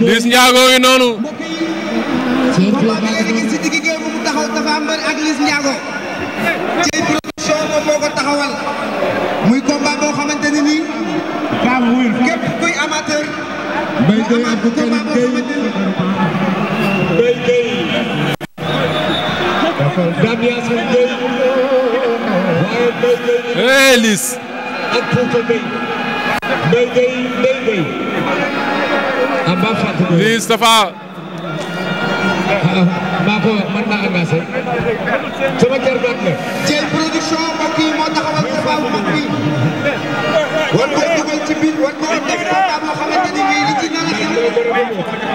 Liss Ndiago noonu. combat bi ngeen gis ci mu ci production moom taxawal. muy combat boo xamante ne nii. képp kuy amateur. bay gay ak bu kenn gay. bay gay. Mbaye Gueye Mbaye Gueye amba fat lii Stapha maa ko mën naa engagé sama jarbaat la Thiel production mbokk yi moo taxawal Stapha bu mag bi war ko dugal ci biir war ko def waxtaan boo xamante ni bii li ci nar a xew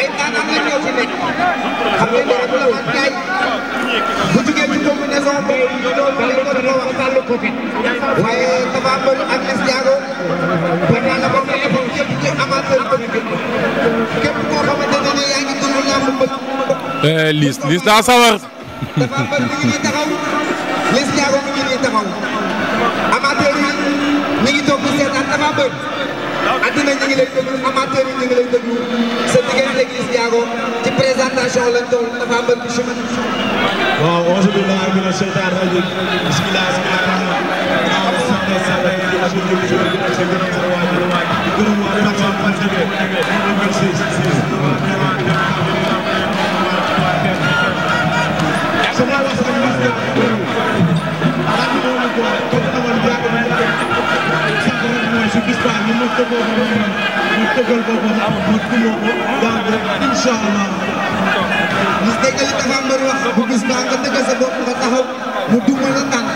ay naanaan la ñëw ci nekk xam nga dara bu la wax gaay waaye eh, Tapha ak Liss Ndiago xanaa la bokk nañu ko képp ku amateur bëgg képp koo xamante ne nii yaa ngi dund làmb bëgg. Liss Liss daa sawar. Tapha Mbeur mi ngi nii taxaw Liss Ndiago mi ngi ngi lay déglu amateur yi ñu ngi lay déglu sa diggante Liss Ndiago ci présentation lañ doon dafa am bëgg chemin. waaw auzu billaahi mina sheytaani rajiim bismillah bismillah rahmaan rahim sant sant di ak di gërëm sa waa ji waa ji di gërëm waa Fatou Seye Fatou Seye Fatou Seye Fatou Seye Fatou Seye dëggal boobu am mu tuddoo ko gàllankoor incha allah. gis nga li tax a mbër wax bu gis naa nga dëgg sa bopp nga taxaw mu duma la tànn.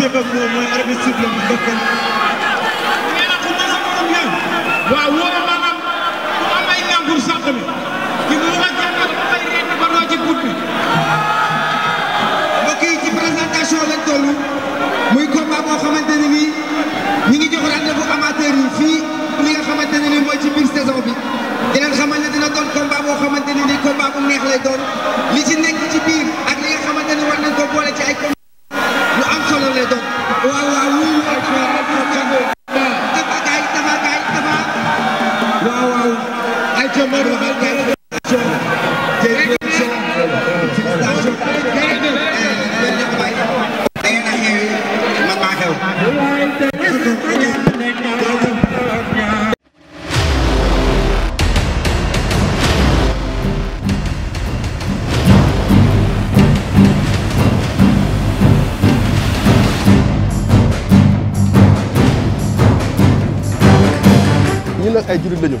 séq ak moom mooy arbitre siffle bu njëkk ñun nag ay jullit lañu